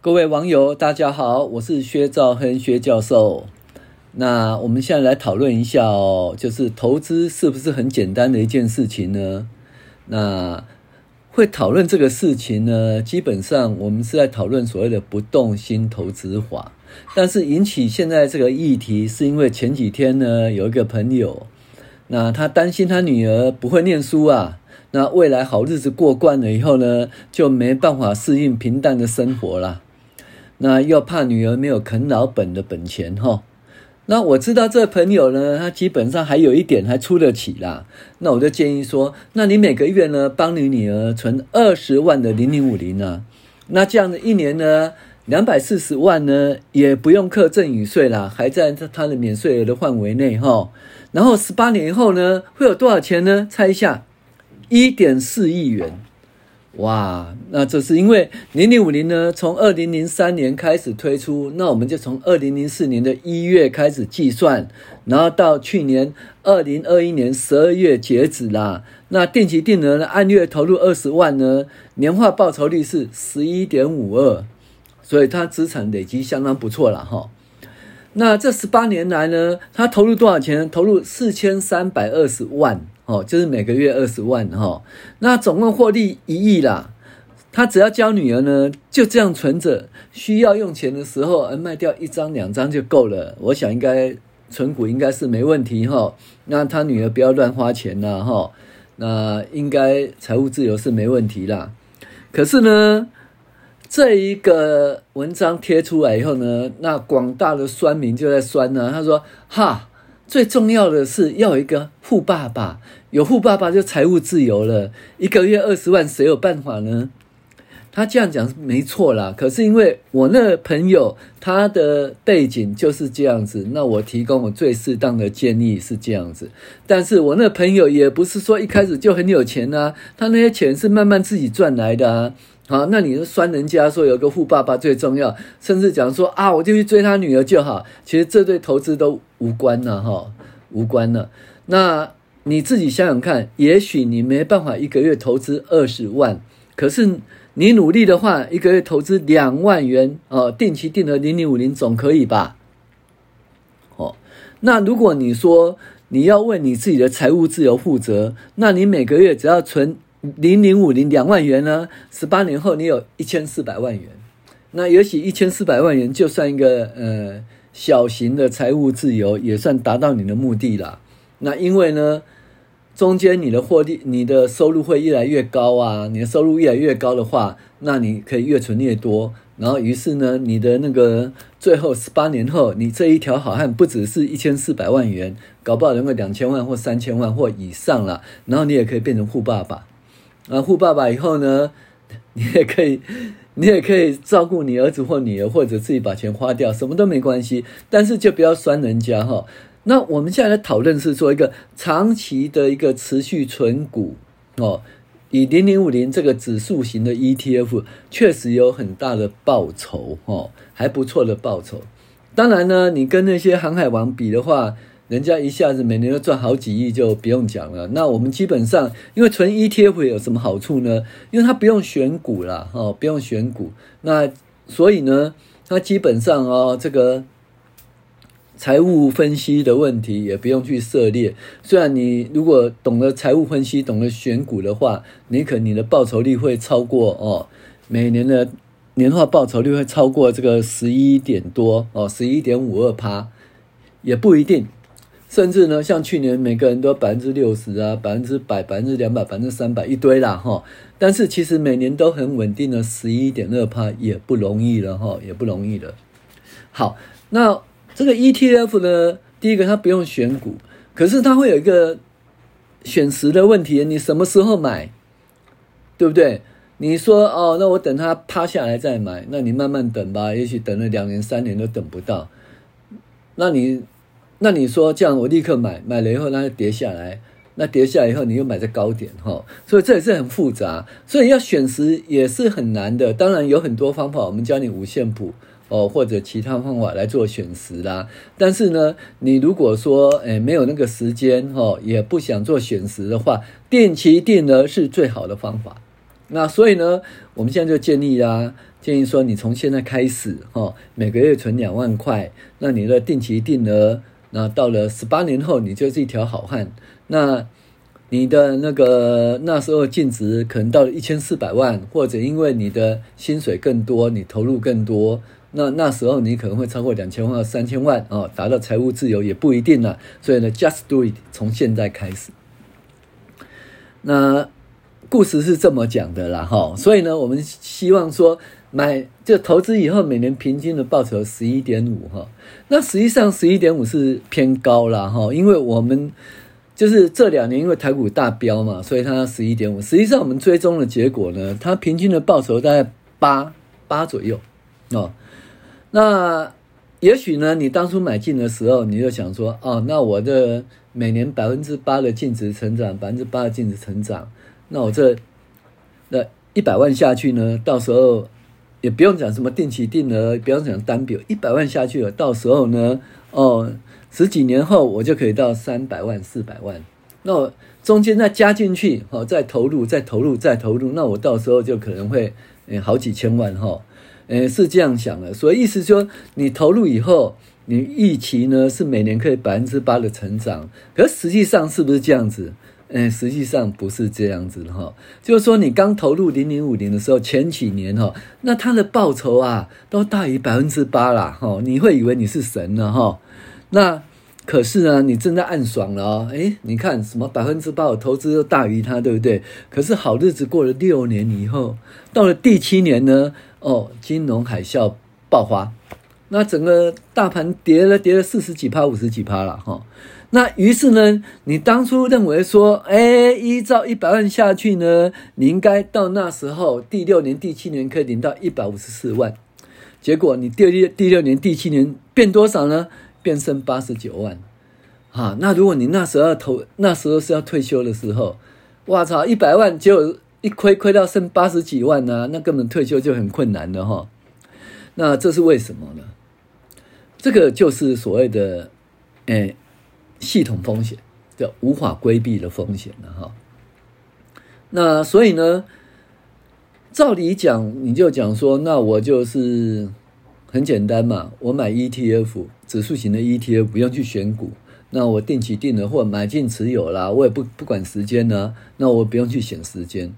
各位網友，大家好，我是薛兆亨薛教授。那我們現在來討論一下哦，就是投資是不是很簡單的一件事情呢？那會討論這個事情呢，基本上我們是在討論所謂的不動心投資法。但是引起現在這個議題，是因為前幾天呢有一個朋友，那他擔心他女兒不會唸書啊，那未來好日子過慣了以後呢，就沒辦法適應平淡的生活了。那又怕女兒沒有啃老本的本錢哈，那我知道這朋友呢，他基本上還有一點還出得起啦。那我就建議說，那你每個月呢，幫你女兒存二十萬的零零五零啊，那這樣的一年呢，兩百四十萬呢，也不用課贈與稅啦，還在他的免稅額的範圍內哈。然後十八年以後呢，會有多少錢呢？猜一下，一點四億元。哇，那這是因為零零五零呢，從二零零三年開始推出，那我們就從二零零四年的一月開始計算，然後到去年二零二一年十二月截止啦。那定期定額呢，按月投入二十萬呢，年化報酬率是十一點五二，所以它資產累積相當不錯了哈。那這十八年來呢，它投入多少錢？投入四千三百二十萬。哦，就是每個月二十萬哈、哦，那總共獲利一億啦。他只要教女兒呢，就這樣存着，需要用錢的時候，而、呃、賣掉一張兩張就夠了。我想應該存股應該是沒問題哈、哦。那他女兒不要亂花錢啦。哈、哦，那應該財務自由是沒問題啦。可是呢，這一個文章貼出來以後呢，那廣大的酸民就在酸呢、啊。他說，哈。最重要的是要一個富爸爸，有富爸爸就財務自由了，一個月二十萬，誰有辦法呢？他這樣講是沒錯啦，可是因為我那個朋友他的背景就是這樣子，那我提供我最適當的建議是這樣子，但是我那朋友也不是說一開始就很有錢啊，他那些錢是慢慢自己賺來的啊。好，那你是酸人家說有個富爸爸最重要，甚至講說啊，我就去追他女兒就好。其實這對投資都無關了，哈，無關了。那你自己想想看，也許你沒辦法一個月投資二十萬，可是你努力的話，一個月投資兩萬元，呃，定期定額零零五零總可以吧？哦，那如果你說你要為你自己的財務自由負責，那你每個月只要存，零零五零兩萬元呢？十八年後你有一千四百萬元，那也許一千四百萬元就算一個呃小型的財務自由，也算達到你的目的了。那因為呢，中間你的獲利、你的收入會越來越高啊。你的收入越來越高的話，那你可以越存越多，然後於是呢，你的那個最後十八年後，你這一條好漢不只是一千四百萬元，搞不好能夠兩千萬或三千萬或以上了，然後你也可以變成富爸爸。啊，富爸爸以後呢，你也可以，你也可以照顧你兒子或女兒，或者自己把錢花掉，什麼都沒關係，但是就不要酸人家哈、哦。那我們現在來討論是做一個長期的一個持續存股哦，以零零五零這個指數型的 ETF 確實有很大的報酬哦，還不錯的報酬。當然呢，你跟那些航海王比的話。人家一下子每年都賺好幾億，就不用講了。那我們基本上，因為存 ETF 有什麼好處呢？因為它不用選股啦，哦，不用選股。那所以呢，它基本上哦，這個財務分析的問題也不用去涉獵。雖然你如果懂得財務分析、懂得選股的話，你可能你的報酬率會超過哦，每年的年化報酬率會超過這個十一點多哦，十一點五二趴也不一定。甚至呢，像去年每個人都百分之六十啊，百分之百，百分之兩百，百分之三百一堆啦哈。但是其實每年都很穩定的十一點二趴也不容易了哈，也不容易了。好，那這個 ETF 呢，第一個它不用選股，可是它會有一個選時的問題，你什麼時候買？對不對？你說哦，那我等它趴下來再買，那你慢慢等吧，也許等了兩年三年都等不到，那你。那你說這樣，我立刻買，買了以後它跌下來，那跌下來以後你又買在高點哈、哦，所以這也是很複雜，所以要選時也是很難的。當然有很多方法，我們教你五線譜哦，或者其他方法來做選時啦。但是呢，你如果說誒、哎、沒有那個時間哈、哦，也不想做選時的話，定期定額是最好的方法。那所以呢，我們現在就建議啦，建議說你從現在開始哈、哦，每個月存兩萬塊，那你的定期定額。那到了十八年後，你就是一條好漢。那你的那個那時候淨值可能到了一千四百萬，或者因為你的薪水更多，你投入更多，那那時候你可能會超過兩千萬到三千萬哦，達到財務自由也不一定了。所以呢，just do it，從現在開始。那故事是這麼講的啦哈、哦，所以呢，我們希望說。買就投資以後，每年平均的報酬十一點五哈，那實際上十一點五是偏高了哈，因為我們就是這兩年因為台股大飆嘛，所以它十一點五。實際上我們追蹤的結果呢，它平均的報酬大概八八左右哦。那也許呢，你當初買進的時候，你就想說哦，那我的每年百分之八的淨值成長，百分之八的淨值成長，那我這那一百萬下去呢，到時候。也不用講什麼定期定額，不用講單筆一百萬下去了，到時候呢，哦，十幾年後我就可以到三百萬、四百萬，那我中間再加進去，哈、哦，再投入、再投入、再投入，那我到時候就可能會，嗯、呃，好幾千萬，哈、哦，嗯、呃，是這樣想的。所以意思說、就是，你投入以後，你預期呢是每年可以百分之八的成長，可實際上是不是這樣子？哎、欸，實際上不是這樣子的哈，就是說你剛投入0050的時候，前幾年哈，那他的報酬啊都大於百分之八啦，哈，你會以為你是神了哈，那可是呢，你正在暗爽了哦，哎、欸，你看什麼百分之八，我投資又大於它，對不對？可是好日子過了六年以後，到了第七年呢，哦，金融海嘯爆發。那整個大盤跌了跌了四十幾趴五十幾趴了哈，那於是呢，你當初認為說，哎、欸，依照一百萬下去呢，你應該到那時候第六年第七年可以領到一百五十四萬，結果你第第六年第七年變多少呢？變剩八十九萬，啊，那如果你那時候投那時候是要退休的時候，我操，一百萬就一虧虧到剩八十幾萬呢、啊，那根本退休就很困難了哈，那這是為什麼呢？這個就是所謂的，哎、欸，系統風險，叫無法規避的風險了哈。那所以呢，照理講，你就講說，那我就是很簡單嘛，我買 ETF 指數型的 ETF，不用去選股，那我定期定額或買進持有啦，我也不不管時間呢，那我不用去選時間。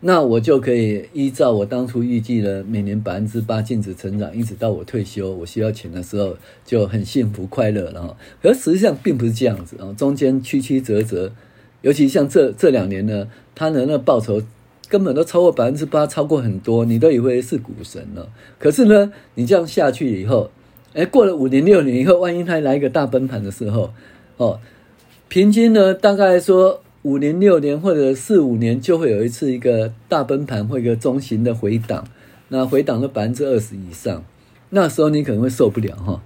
那我就可以依照我當初預計的每年百分之八淨值成長，一直到我退休我需要錢的時候就很幸福快樂了。可實際上並不是這樣子，中間曲曲折折，尤其像這這兩年呢，他的那報酬根本都超過百分之八，超過很多，你都以為是股神了。可是呢，你這樣下去以後，哎，過了五年六年以後，萬一他來一個大崩盤的時候，哦，平均呢大概說。五年、六年或者四五年，就會有一次一個大崩盤或一個中型的回檔，那回檔的百分之二十以上，那時候你可能會受不了哈。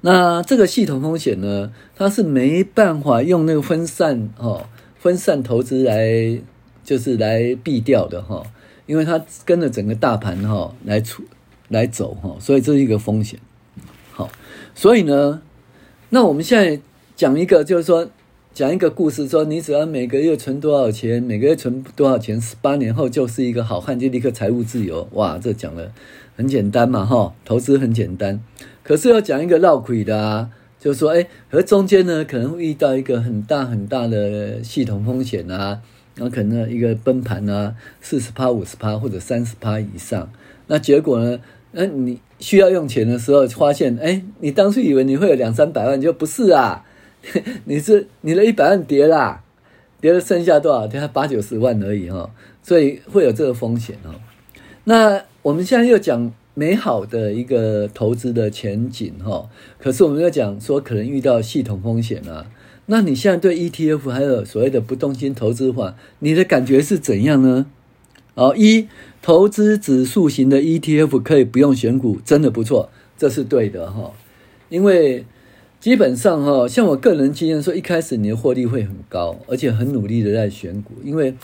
那這個系統風險呢，它是沒辦法用那個分散哦，分散投資來就是來避掉的哈，因為它跟着整個大盤哈來出來走哈，所以這是一個風險。好，所以呢，那我們現在講一個，就是說。講一個故事，說你只要每個月存多少錢，每個月存多少錢，十八年後就是一個好漢，就立刻財務自由。哇，這講得很簡單嘛，哈，投資很簡單。可是要講一個繞口的，啊，就是、說，誒和中間呢可能會遇到一個很大很大的系統風險啊，然後可能一個崩盤啊，四十趴、五十趴或者三十趴以上。那結果呢，那你需要用錢的時候，發現，誒你當初以為你會有兩三百萬，就不是啊。你是 你的一百萬跌啦、啊，跌了剩下多少，跌了八九十萬而已哈、哦，所以會有這個風險哦。那我們現在又講美好的一個投資的前景哈、哦，可是我們又講說可能遇到系統風險啊。那你現在對 ETF 還有所謂的不動心投資法，你的感覺是怎樣呢？哦、一投資指數型的 ETF 可以不用選股，真的不錯，這是對的哈、哦，因為。基本上哈，像我個人經驗說，一開始你的獲利會很高，而且很努力的在選股，因為，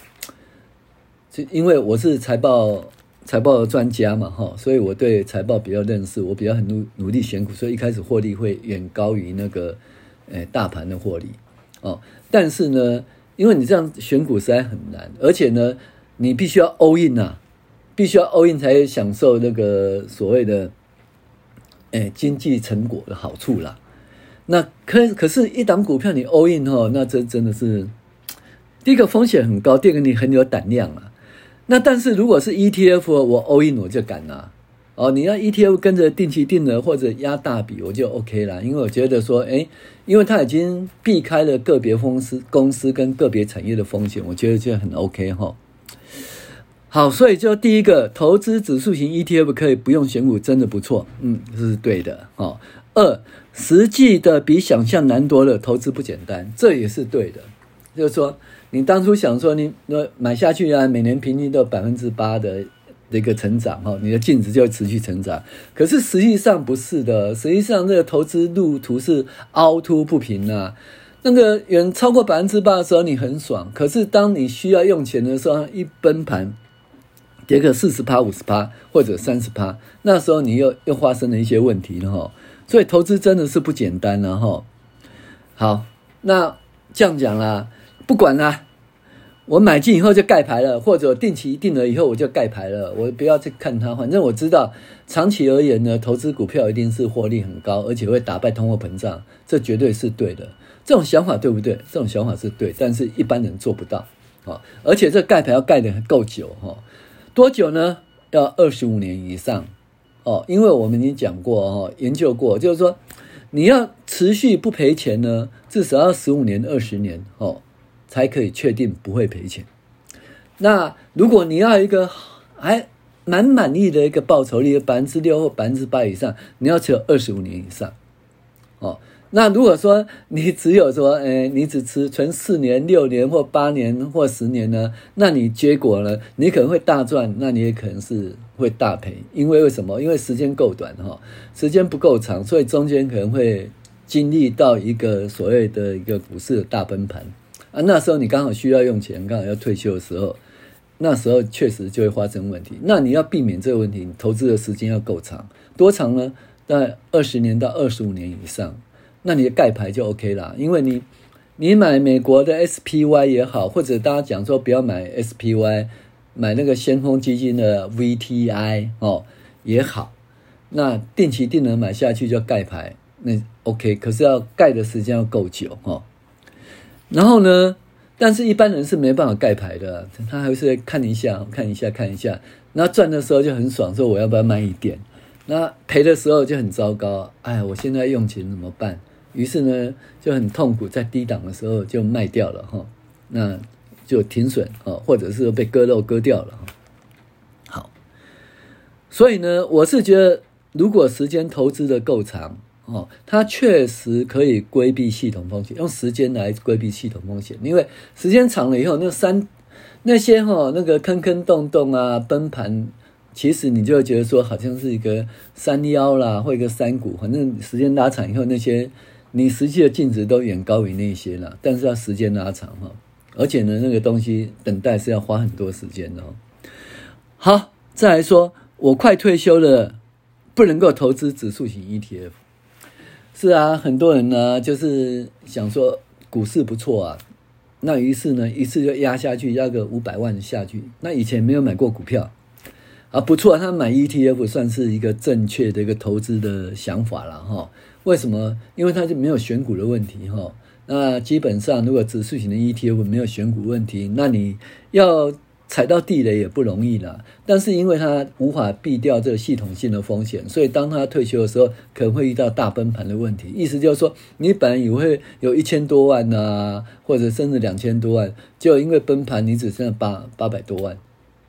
這因為我是財報財報的專家嘛哈，所以我對財報比較認識，我比較很努努力選股，所以一開始獲利會遠高於那個誒大盤的獲利喔。但是呢，因為你這樣選股實在很難，而且呢，你必須要 all in 吶，必須要 all in 才享受那個所謂的誒經濟成果的好處啦。那可可是一檔股票你 all in 哦，那這真的是第一個風險很高，第二個你很有膽量啊。那但是如果是 ETF，我 all in 我就敢拿、啊、哦。你要 ETF 跟着定期定額或者押大筆，我就 OK 啦，因為我覺得說，哎、欸，因為它已經避開了個別公司、公司跟個別產業的風險，我覺得就很 OK 哈。好，所以就第一個，投資指數型 ETF 可以不用選股，真的不錯。嗯，這是對的哦。二實際的比想象難多了，投資不簡單，這也是對的。就是說，你當初想說，你買下去啊，每年平均都有百分之八的這個成長，你的淨值就會持續成長。可是實際上不是的，實際上這個投資路途是凹凸不平吶、啊。那個遠超過百分之八的時候，你很爽；可是當你需要用錢的時候，一崩盤，跌個四十趴、五十趴或者三十趴，那時候你又又發生了一些問題了。所以投資真的是不簡單，然後，好，那這樣講啦，不管啦、啊，我買進以後就蓋牌了，或者定期定額以後我就蓋牌了，我不要去看它，反正我知道長期而言呢，投資股票一定是獲利很高，而且會打敗通貨膨脹，這絕對是對的。這種想法對不對？這種想法是對，但是一般人做不到啊。而且這蓋牌要蓋得夠久哈，多久呢？要二十五年以上。哦，因為我們已經講過，研究過，就是說，你要持續不賠錢呢，至少要十五年、二十年哦，才可以確定不會賠錢。那如果你要一個還蠻滿意的一個報酬率，百分之六或百分之八以上，你要持有二十五年以上，哦。那如果說你只有說，哎，你只持存四年、六年或八年或十年呢？那你結果呢？你可能會大賺，那你也可能是會大賠。因為為什麼？因為時間夠短哈，時間不夠長，所以中間可能會經歷到一個所謂的一個股市的大崩盤啊。那時候你剛好需要用錢，剛好要退休的時候，那時候確實就會發生問題。那你要避免這個問題，投資的時間要夠長，多長呢？在二十年到二十五年以上。那你的蓋牌就 OK 啦，因為你，你買美國的 SPY 也好，或者大家講說不要買 SPY，買那個先鋒基金的 VTI 哦也好，那定期定額買下去就蓋牌，那 OK，可是要蓋的時間要夠久哦。然後呢，但是一般人是沒辦法蓋牌的，他還是看一下看一下看一下，那賺的時候就很爽，說我要不要買一點？那賠的時候就很糟糕，哎，我現在用錢怎麼辦？於是呢，就很痛苦，在低檔的時候就賣掉了哈，那就停損哦，或者是被割肉割掉了。好，所以呢，我是覺得，如果時間投資的夠長哦，它確實可以規避系統風險，用時間來規避系統風險。因為時間長了以後，那山那些哈，那個坑坑洞洞啊，崩盤，其實你就會覺得說，好像是一個山腰啦，或一個山谷，反正時間拉長以後，那些。你實際的淨值都遠高於那些了，但是要時間拉長哈哦，而且呢，那個東西等待是要花很多時間的哦。好，再來說，我快退休了，不能夠投資指數型 ETF。是啊，很多人呢就是想說股市不錯啊，那於是呢一次就壓下去，壓個五百萬下去。那以前沒有買過股票啊，不錯，他買 ETF 算是一個正確的一個投資的想法了哈哦。為什麼？因為他就沒有選股的問題哈、哦。那基本上，如果指數型的 ETF 沒有選股問題，那你要踩到地雷也不容易啦。但是，因為它無法避掉這個系統性的風險，所以當他退休的時候，可能會遇到大崩盤的問題。意思就是說，你本來以為有一千多萬吶、啊，或者甚至兩千多萬，結果因為崩盤，你只剩下八八百多萬，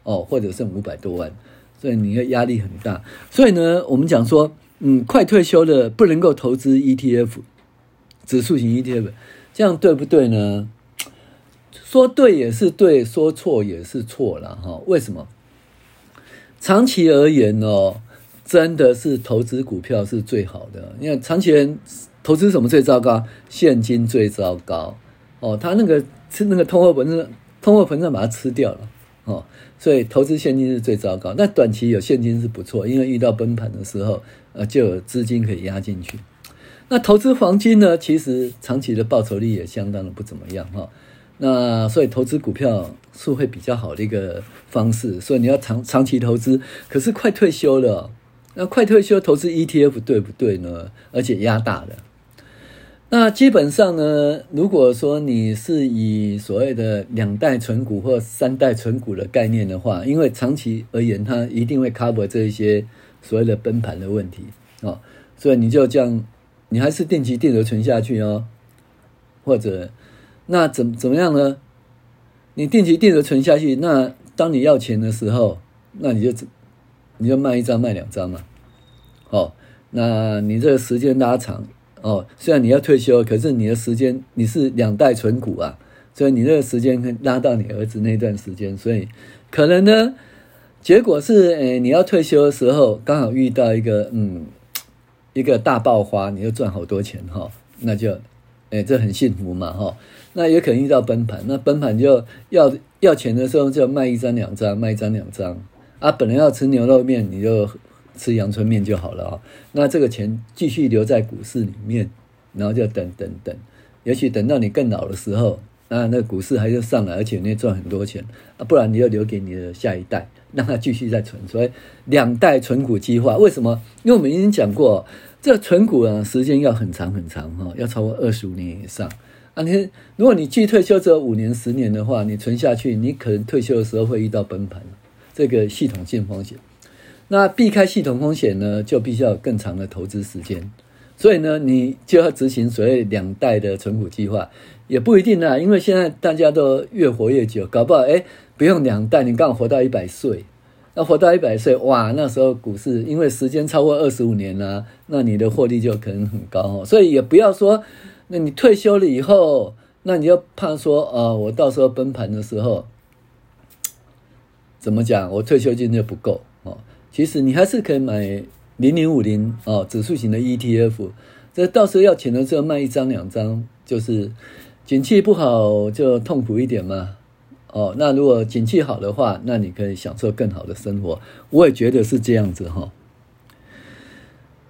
哦，或者剩五百多萬，所以你的壓力很大。所以呢，我們講說。嗯，快退休的不能夠投資 ETF，指數型 ETF，這樣對不對呢？說對也是對，說錯也是錯了哈。為什麼？長期而言呢，哦，真的是投資股票是最好的。你看，長期投資什麼最糟糕？現金最糟糕。哦，他那個吃那個通貨膨脹，通貨膨脹把它吃掉了，哦。所以投資現金是最糟糕。那短期有現金是不錯，因為遇到崩盤的時候，呃，就有資金可以壓進去。那投資黃金呢？其實長期的報酬率也相當的不怎麼樣哈。那所以投資股票是會比較好的一個方式。所以你要長長期投資，可是快退休了，那快退休投資 ETF 對不對呢？而且壓大的。那基本上呢，如果說你是以所謂的兩代存股或三代存股的概念的話，因為長期而言，它一定會 cover 這一些所謂的崩盤的問題哦，所以你就這樣，你還是定期定額存下去哦，或者，那怎怎麼樣呢？你定期定額存下去，那當你要錢的時候，那你就，你就賣一張賣兩張嘛，哦，那你這個時間拉長。哦，雖然你要退休，可是你的時間，你是兩代存股啊，所以你那個時間可以拉到你兒子那段時間，所以可能呢，結果是，哎、欸，你要退休的時候剛好遇到一個，嗯，一個大爆發，你又賺好多錢哈，那就，哎、欸，這很幸福嘛哈。那也可能遇到崩盤，那崩盤就要要錢的時候就賣一張兩張，賣一張兩張啊，本來要吃牛肉麵你就。吃陽春麵就好了啊、哦！那這個錢繼續留在股市裡面，然後就等等等，也許等到你更老的時候，啊，那，那股市還要上來，而且你也賺很多錢啊，不然你要留給你的下一代，讓他繼續再存。所以兩代存股計劃為什麼？因為我們已經講過，這個、存股啊，時間要很長很長哈，要超過二十五年以上啊你。你如果你距退休只有五年、十年的話，你存下去，你可能退休的時候會遇到崩盤，這個系統性風險。那避開系統風險呢，就必須要有更長的投資時間，所以呢，你就要執行所謂兩代的存股計劃，也不一定啊，因為現在大家都越活越久，搞不好哎、欸，不用兩代，你剛好活到一百歲，那活到一百歲，哇，那時候股市因為時間超過二十五年啦、啊，那你的獲利就可能很高哦，所以也不要說，那你退休了以後，那你就怕說，啊、哦，我到時候崩盤的時候，怎麼講，我退休金就不夠。其實你還是可以買零零五零哦，指數型的 ETF，這到時候要錢的時候賣一張兩張，就是景氣不好就痛苦一點嘛。哦，那如果景氣好的話，那你可以享受更好的生活。我也覺得是這樣子哈、哦。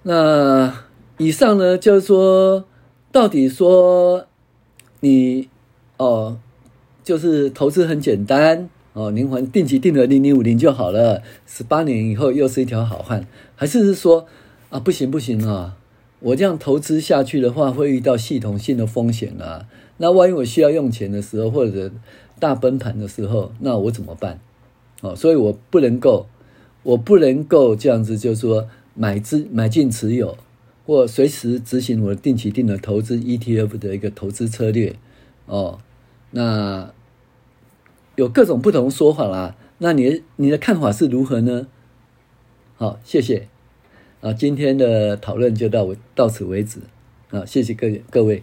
那以上呢，就是說，到底說你哦，就是投資很簡單。哦，您還定期定額零零五零就好了，十八年以後又是一條好漢。還是是說，啊，不行不行啊，我這樣投資下去的話，會遇到系統性的風險啊。那萬一我需要用錢的時候，或者大崩盤的時候，那我怎麼辦？哦，所以我不能夠，我不能夠這樣子，就是說買資買進持有，或隨時執行我定期定額投資 ETF 的一個投資策略。哦，那。有各種不同說法啦，啊，那你的你的看法是如何呢？好，謝謝啊，今天的討論就到到此為止啊，謝謝各各位。